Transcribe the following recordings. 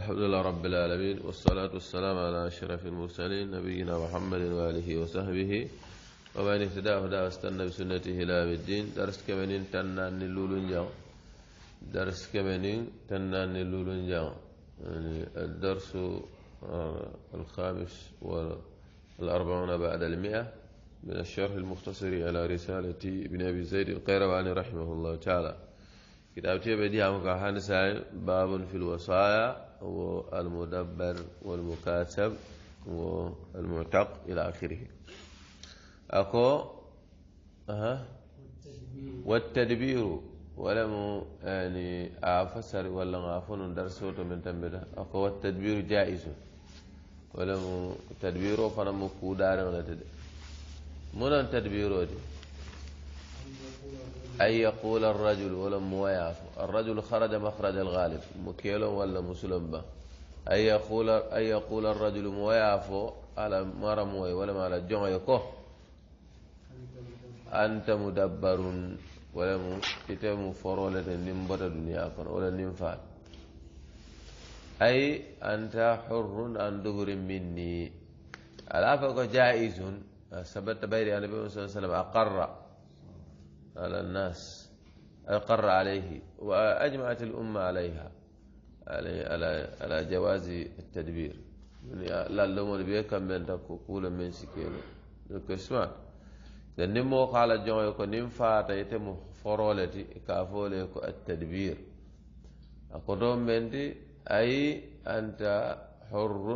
الحمد لله رب العالمين والصلاة والسلام على أشرف المرسلين نبينا محمد وآله وصحبه ومن اهتدى هدى واستنى بسنته إلى يوم الدين درس كمنين تنان اللولون درس كمنين تنان اللولون يعني الدرس آه، الخامس والأربعون بعد المئة من الشرح المختصر على رسالة ابن أبي زيد القيرواني رحمه الله تعالى كتابتي بديها مكاحان ساي باب في الوصايا والمدبر والمكاتب والمعتق إلى آخره أكو أه. والتدبير ولم يعني أفسر ولا غافون درسوت من تنبدا أكو والتدبير جائز ولم تدبيره فنم كودار من تدبيره دي أن يقول الرجل ولم مواياف الرجل خرج مخرج الغالب مكيلو ولا مسلم أن يقول أن يقول الرجل مويعف على مرة موي ولا على الجمع يكو أنت مدبر ولا يتم فرولة نمبر الدنيا ولا ننفعل أي أنت حر عن دبر مني على فقه جائز ثبت بيري عن النبي صلى الله عليه وسلم أقر على الناس أقر عليه وأجمعت الأمة عليها على على على جواز التدبير لا لوم البيه كم بين تقول من سكيل الكسمان لأن مو قال جون يكون نفات يتم فرولتي كافولي التدبير أقدم منتي أي أنت حر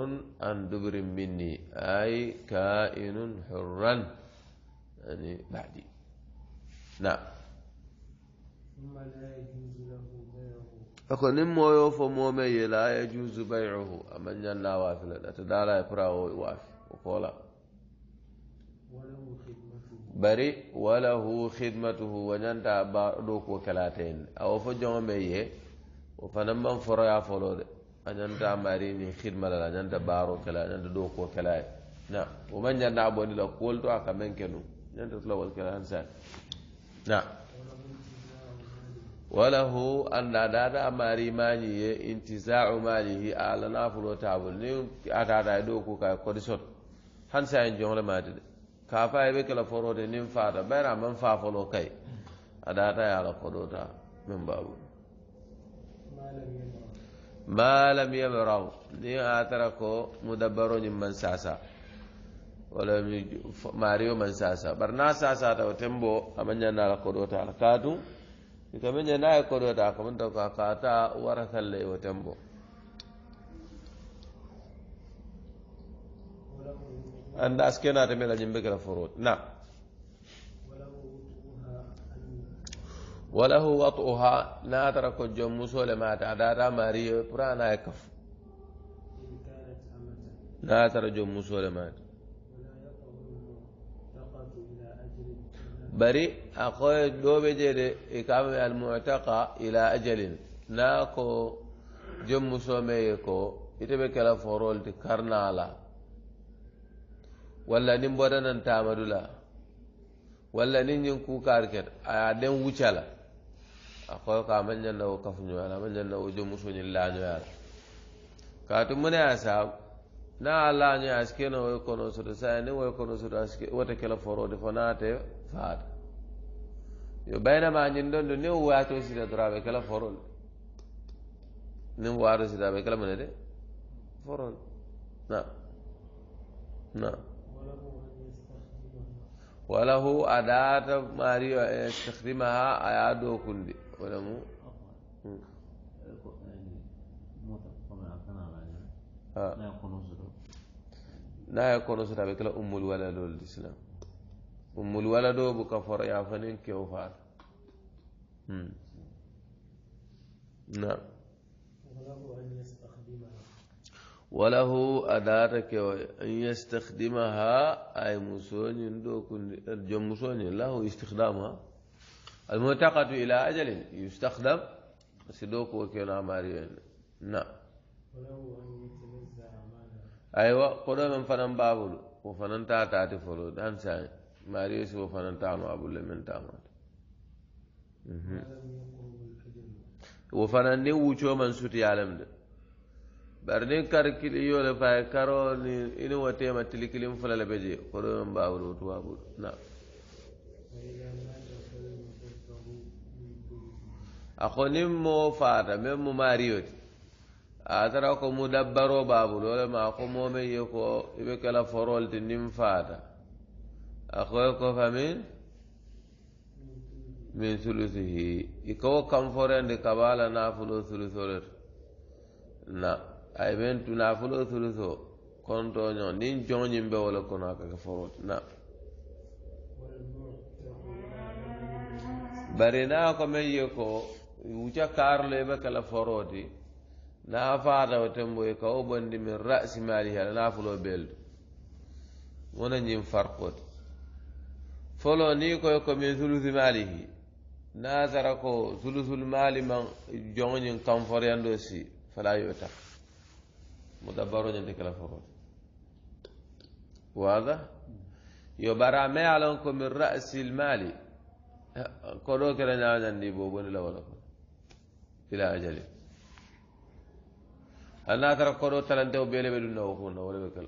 أن دبر مني أي كائن حرا يعني بعدي نعم ako nin moyo fo momen ye la yajuzu bayuhu aman ñan la waafi la ata dala ye pour awo waafi o koola bari walahu khidmatuhu wa ñanta ba ɗo ko kelaten awo fo joŋo men ye o fanan man foroya folo de a ñanta mari ni khidma la la ñanta baaro kela ñanta ɗo ko kela ye na o man ñanda bondi la kuwol to a kamen kenu ñanta tulawol kela han sani na walahu annada da mari mani ye intiza'u malihi ala na nafulo tabu ni a atata do ku ka kodison han sa en jongle madi de ka fa be kala foro forode nin bai bayra man fa folo kai ta ya ala ta min babu ma lam ni ni tara ko mudabbaro man sasa wala mi mario man sasa bar na sasa ta tembo amanya na kodo ta alkatu kamanya na kodo ta kamun ta ka kata warasal le tembo anda askena ta mela jimbe kala furut na وله وطئها لا ترك الجم مسول ما ماريو برانا يكف لا ترك الجم مسول bari akwai dobe je de ikame almutaka ila ajalin na ko jom mai ko ita bai kala forol da karnala walla nin bodanan tamadula walla nin ñin kuka ket aya den wucala akoye ko amañanna wo kafuñoyala amañanna wo jom musoñin lañoyala katu muna ya sa na a suke na woy kono soto sayani woy kono soto wota kela forode fo ta. بينما نقول له نو واتو سيدا درابي كلا فرول نو واتو سيدا بكلا من هذا فرول نعم نعم وله أداة ماري استخدمها أيادو كندي وله لا يكون سرا لا يكون سرا بكلا أم الولد والإسلام أم الولد بكفر يا فنين كيوفات نعم وله أدارك أن يستخدمها أي مسون مسون له استخدامها المعتقد إلى أجل يستخدم سدوك وكنا ماريين نعم أيوة قدام فنان بابل وفنان تاتي فلو دانسان ماريس وفنان تانو أبو لمن تانو وفنان ني وچو من سوتي عالم ده برني كار كليو لفاي كارو إنو وتيما تلكلم فلا لبجي قرو من باولو توابو نعم أخوني مو فارا مو ماريوتي atara ko mudabbaro babul wala ma ko momen ye ko ibe kala forolti nin faata akoye ko famin min sulusihi ikowo kamforendi kabala nafulo sulusolet na ayiben tu nafulo suluso kontoño nin joñimbe wala kono kake forot na bari na ko men ye ko wuca karlo ibe kala foroti na fatawo temboye kawo bondi min rasi maliha nafulo beldu wona ñin farkoti فلو نيكو يكو من ثلث ماله ناثركو ثلث المال من جون كنفر يندوسي فلا يؤتى مدبر عندك الفرد واضح يبرع ما علنكم من رأس المال كروك لنا عندي بوبون لا ولا إلى أجل أنا ترى كرو تلنتو بيلي بدون نوكون ولا بكل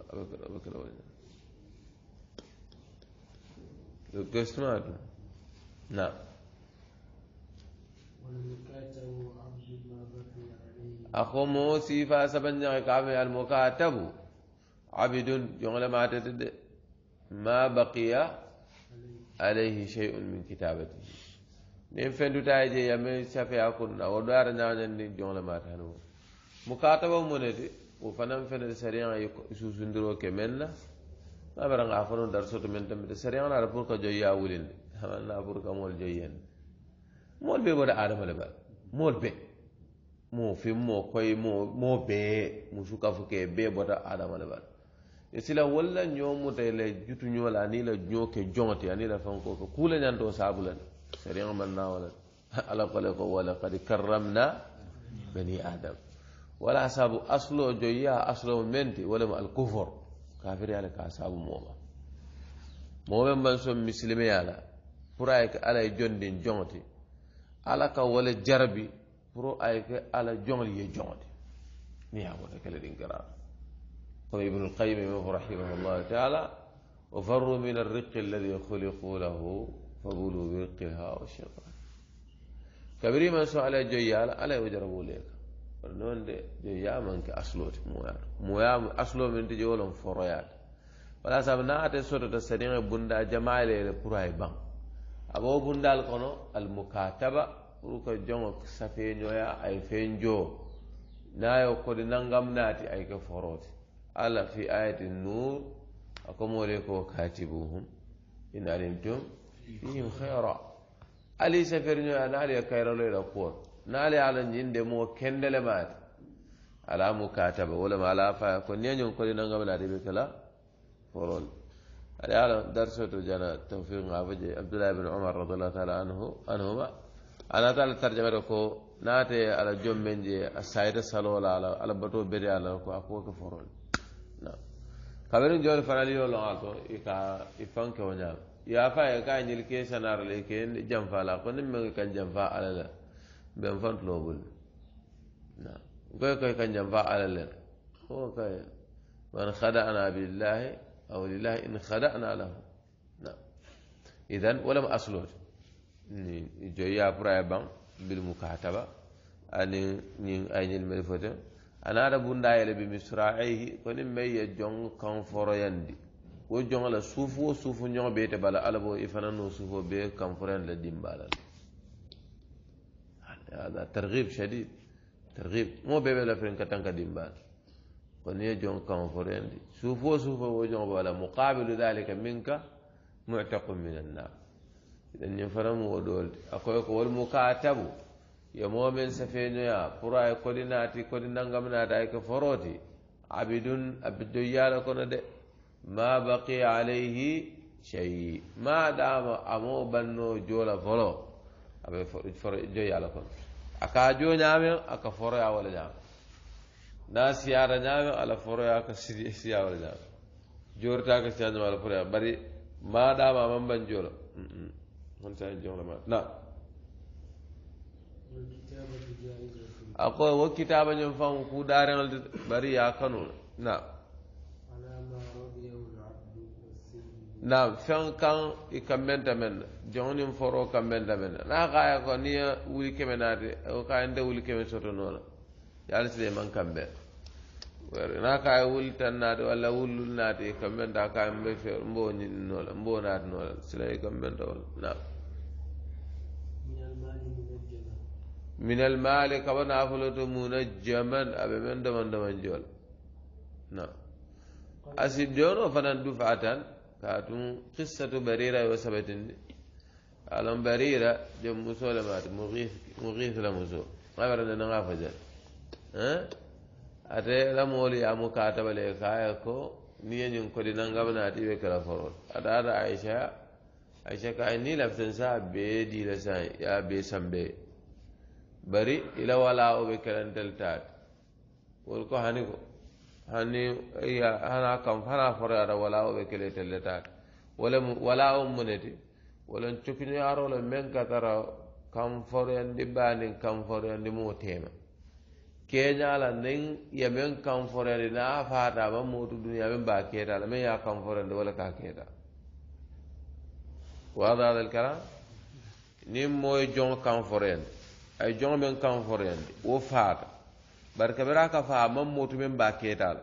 بكل بكل دو جوست مال نعم أخو موسى فاسبن كعب المكاتب عبد يغلى ما تتد ما بقي عليه شيء من كتابته نيم فندو تايجي يمي شافي أكون أو دار نعن يغلى ما تهنو مكاتبة منتي وفنم فند سريع يسوسندرو كمن abaran a fono dar soto men tambe sari ala pour ka joyya wulinde amanna pour ka mol joyyen mol be boda adama le ba mol be mo fi mo koy mo mo be mu suka fuke be boda adama le ba e sila walla ñomuta ele jutu ñola ani la ñoke jonte ani la fanko ko kula ñanto sabulan sariyan man wala ala kole ko wala qad karramna bani adam wala sabu aslo joyya aslo menti wala al kufur kafiri ala ka sabu moma moɓe mban son misilime ala pour ayke ala ye jondin joŋti ala ka wala jarabi pour ayke ala joŋol ye joŋti ni yakoto kele ɗin kara comme ibnu lqayim imam rahimahullahu taala wa farru min alriqi alladi khuliqu lahu fabulu birqiha wa shaitan kabiri man so ala joyyala ala ye wo jarabu leeka kono noon de yo yamanke asloti moyaato moya aslo min te jowolon foroyaade wala saabu na ate sotota sariŋe bunda jamalele pour ay baŋ abo bundal kono almukataba pour ko joŋo safeñoya ay fen joo nayo kodi nangam naati ay ke foroti ala fi ayati nur akomole ko katibuhum in alimtum fihim hayra ali safeñoya naali e kayraloyla kuwoto naali ala ñinde mo kendele maati ala mu kataba wolema ala faya ko niyañon kodi nangaminaati ɓe kela forol aɗa ala darsoto jana tawfiq nga fo je abdoulahi bine omar radiallahu taala anhu anhuma anata ala tarjamata ko naate ala jommen je a sayita salola ala ala bato bede ala ko a koke forol na kaɓeni joni fanali yo longa to ika i fanke o ñaama yafa e ka ñil ke sanarale ke janfa la ko nin menge kan janfa ala la بين فانت نوبل نعم وكاي كاي كان جنبا على لين هو كاي من خدعنا بالله او لله ان خدعنا له نعم اذا ولم اصلوا جويا برايا بام بالمكاتبه اني ني اين الملفات انا ربو ندايل بمصراعيه كون مي جون كون فرياندي وجون لا سوفو سوفو نيو بيتي بالا على بو يفنا نو سوفو بي كون فرياندي ديمبالا هذا ترغيب شديد ترغيب مو بيبي لفرين كتنك ديمبان كوني جون كان فريندي سوفو سوفو وجون ولا مقابل ذلك منك معتق من النار إذن يفرم ودول أقولك والمكاتب يمو من سفينيا فرا كوديناتي ناتي قولي نانغم فروتي عبد عبد يالكون دي ما بقي عليه شيء ما دام أمو بنو جولا فرو Abe aɓe joyala kon aka jo ñaamen aka ya wala ñaam na siyata ñaamen ala foro ya ka siya wala ñaam jorta ka siya ñama ala ya. bari ma ma man ban jo la. joola jo sa ma na ako wo kitaba ñom fan ku ɗarenol bari ya kanula na na fɛn kan i ka mɛn na kammenta men jonin ka mɛn men na n'a kaya ko ni ye wuli kɛmɛ n'a naati o ka n tɛ wuli keme soto noona yaliside man kan wɛrɛ na ka ye wuli tan n'a wala wuli n'a naati i ka ka mɛn n n bɛ fɛ b'o ɲini nɔ la n b'o n'a di nɔ la sila i ka kammenta wala na min almali kaba a bɛ mɛn dama dama jɔ la na asi fana du fa tan كاتم قصة بريرة وسبتن ألم بريرة جم مسولة مات مغيث مغيث لمسو غير أن نغافجت ها أتى لمولي أمو كاتب لكايكو niye ñun kodi nangam naati ɓe kala forol aɗa aɗa aicha aicha ka ni laften sa be dila sa ya be sambe bari ila wala o ɓe kalantel taat wol ko hani ko hani ya hana kam hana foreyata walawo ɓe kele telletake wolem walawo muneti wolen cukiñoyarole men katara kam foreyandi banin kam foreyandi mo tema keñala nin yamen kam foreyandi na fatama motu duniya men ba ketala men ya kam foreyandi wala ka keta wada hada lkalam nin moye jon kam foreyandi ay jon men kam foreyandi wo faata bari bira ka fa man mutu min ba ketal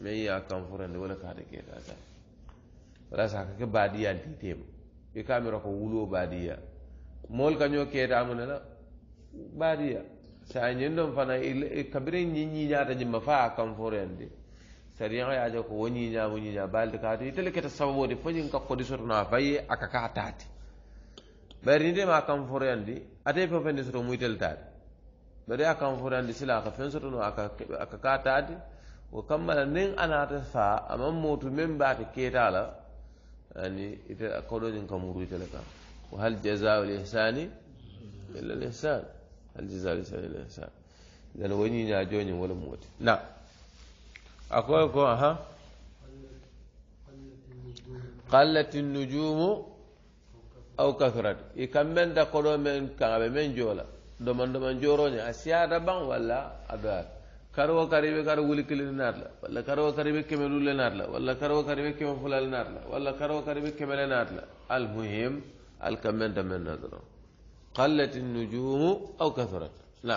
me ya kan da wala ka da ketal ta wala sa ka badiya titem ka kamera ko wulo badiya mol ke da mun na badiya sa nyen don fana kabire nyi nyi ya ta jimma fa kan furande sari ya ja ko woni nya woni nya balta ka ta ke ta sabo de fanyin ka ko disoto na faye aka ka ta tati bari ni de ma kan furande ate fa fa ni soto mu ta ti. bari akan furandi sila aka fen sotono aka kata katati wa kammala nin anata fa aman motu men mbata keta la ani ita koɗoɗin kamuru itele kam wa hal jazaa'ul ihsani illa ihsan hal jazaa'ul ihsani illa ihsan dan wani na joni wala mutu na akwai ko aha قلت النجوم أو كثرت يكمل دا قلو من كعب من جولا doman doman joroñe a siyata ban walla adoyat karwo karibe kar wuli kilini naatla walla karwo karibe keme lulle naatla walla karwo karibe keme fulale naatla walla karwo karibe kemele naatla almuhim alkamenta men na doron qallat innujumu aw kathurat na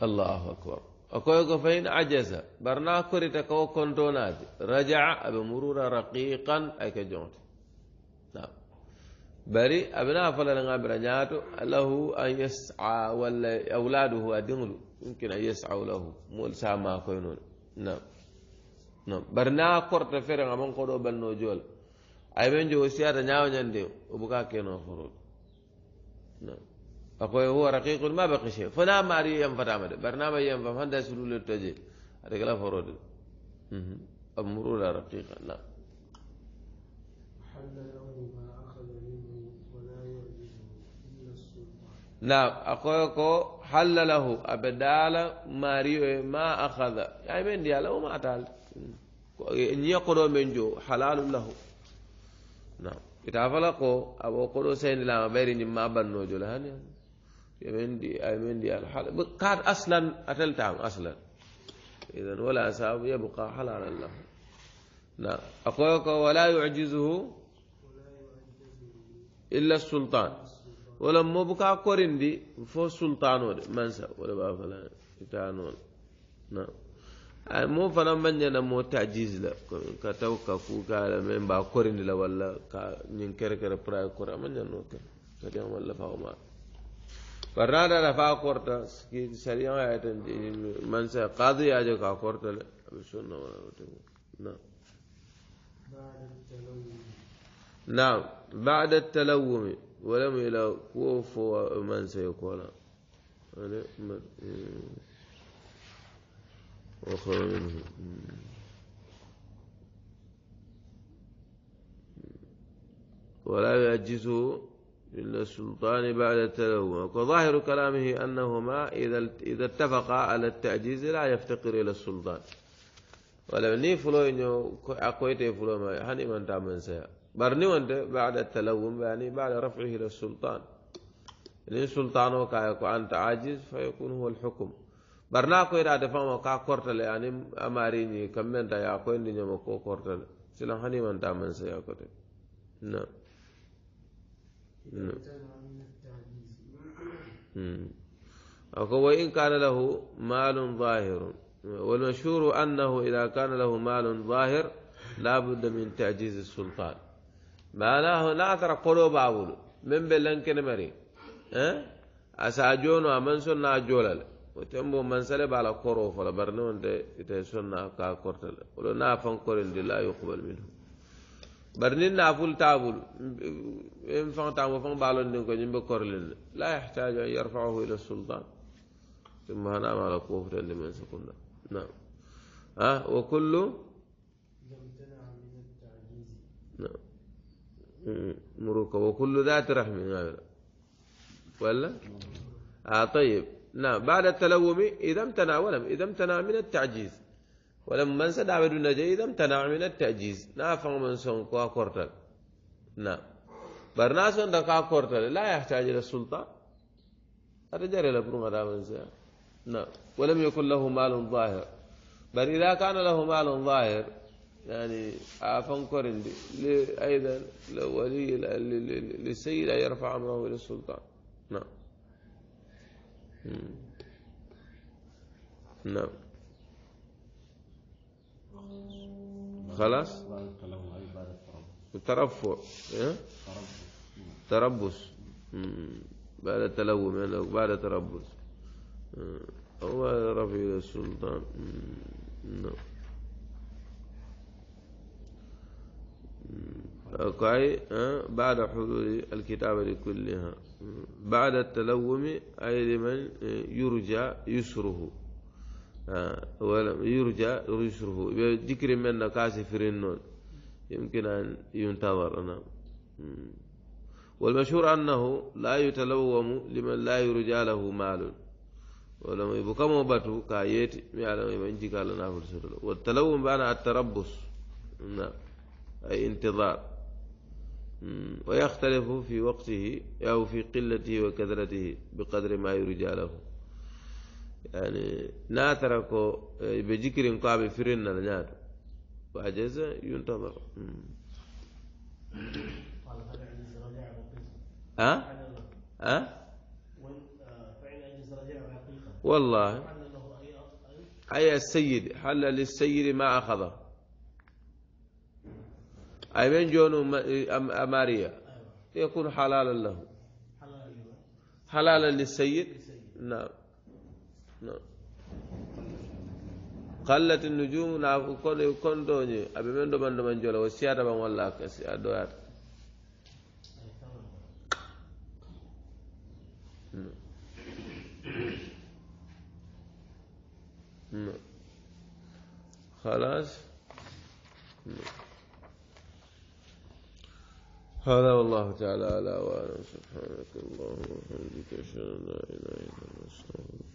allahu akbar akoy ko fayin ajaza barna korita kawo kontonaade raja'a aɓe murura raqiqan ayke jonte nam bari abina fola na ngabira nyaato lahu an yas'a walla awladuhu adinglu yumkin an yas'au lahu mol sama koy noon nam nam bari na korta fere ngaman ko ɗo balno jool ay men jo siyata ñaawñande o buka keno forol nam akoye huwa raqiqun ma baqi che fona maari yam fatama de bari nama yam fam hannda sulule toje ade kala forode amrula raqiqa nam نعم أقولك حل له أبدال ما ريو ما أخذ يعني من دياله ما أتال إن يقرأ من جو حلال له نعم إتعفلقوا أبو قرو سين لا بيرين ما بنو جلهان يعني يمين دي أي يعني من ديال حل قاد أصلا أتلتعم أصلا إذا ولا أساب يبقى حلال له نعم أقولك ولا يعجزه إلا السلطان ولا مبكا كورندي فو سلطانو دي منسا ولا بافلا تانون نعم ay mo fana man ñana mo tajiz la ka taw ka ku ka la men ba korindi la walla ka ñin kere kere pra kor ama ñano ke sariyan walla fa ma barna da da fa korta ki sariyan ay tan man sa qadi ya jo ka korta le abi sunna wala to na ba'da at-talawwum na ba'da at-talawwum ولم إلى كوف ومن سيكون يعني إيه. وخير منه ولا يعجزه إلا السلطان بعد التلوث وظاهر كلامه أنهما إذا إذا اتفقا على التعجيز لا يفتقر إلى السلطان ولم ني فلو إنه أقويته فلو ما هني من تعمل سيئا برني وانت بعد التلوم يعني بعد رفعه إلى السلطان لأن سلطانه كايكو أنت عاجز فيكون هو الحكم برناكو كو إذا دفعوا كا كورتل يعني أماريني كمن تيا كو إني نما كو كورتل سلام هني من تامن سيا كورتل نعم نعم أكو وإن كان له مال ظاهر والمشهور أنه إذا كان له مال ظاهر لا بد من تعجيز السلطان معناه لا ترى قلوب عبول من بلن كنمري أه؟ أساجون ومن سنة جولل وتمو من سلب على قرو فلا برنون تي سنة كا قرتل ولو نافن قرل لا يقبل منه برنين نافول تابول إن فان تامو فان بالون دين كو جنب لا يحتاج أن يرفعه إلى السلطان ثم هنا على قوة لمن سكننا نعم أه وكل مروكة وكل ذات رحم نعم. ولا آه طيب نعم بعد التلوم إذا امتنع ولم إذا امتنع من التعجيز ولم من سدع النجاة إذا امتنع من التعجيز نافع من سنقا كورتل نعم برناس دقا كورتل لا يحتاج إلى السلطة الرجال لبرون نعم ولم يكن له مال ظاهر بل إذا كان له مال ظاهر يعني عفن قرن أيضا لولي للسيد أن يرفع أمره إلى السلطان نعم نعم خلاص الترفع إيه؟ تربص بعد تلوم يعني بعد تربص هو رفع إلى السلطان نعم الوقع بعد حلول الكتابة كلها بعد التلوم أي لمن آه، يرجى يسره ولم يرجى يسره بذكر من نكاسي فرنون يمكن أن ينتظر أنا نعم. والمشهور أنه لا يتلوم لمن لا يرجى له مال ولم يبقى موبته كايت يعلم يمنجي قال نافل والتلوم بعد التربص نعم أي انتظار ويختلف في وقته أو في قلته وكثرته بقدر ما يرجى له يعني ناثرك بذكر قاب فرن النار وعجز ينتظر ها؟ ها؟ آه، والله أي السيد حل للسيد ما أخذه أي من جون أمارية يكون حلالا له حلالا للسيد نعم نعم قلت النجوم نعم يكون يكون دوني أبي من دو من دو من جولا وسيادة من والله كسيادة أدوات نعم. نعم. خلاص نعم. هذا والله تعالى على وعلى سبحانك اللهم وبحمدك أشهد أن لا إله إلا أنت أستغفرك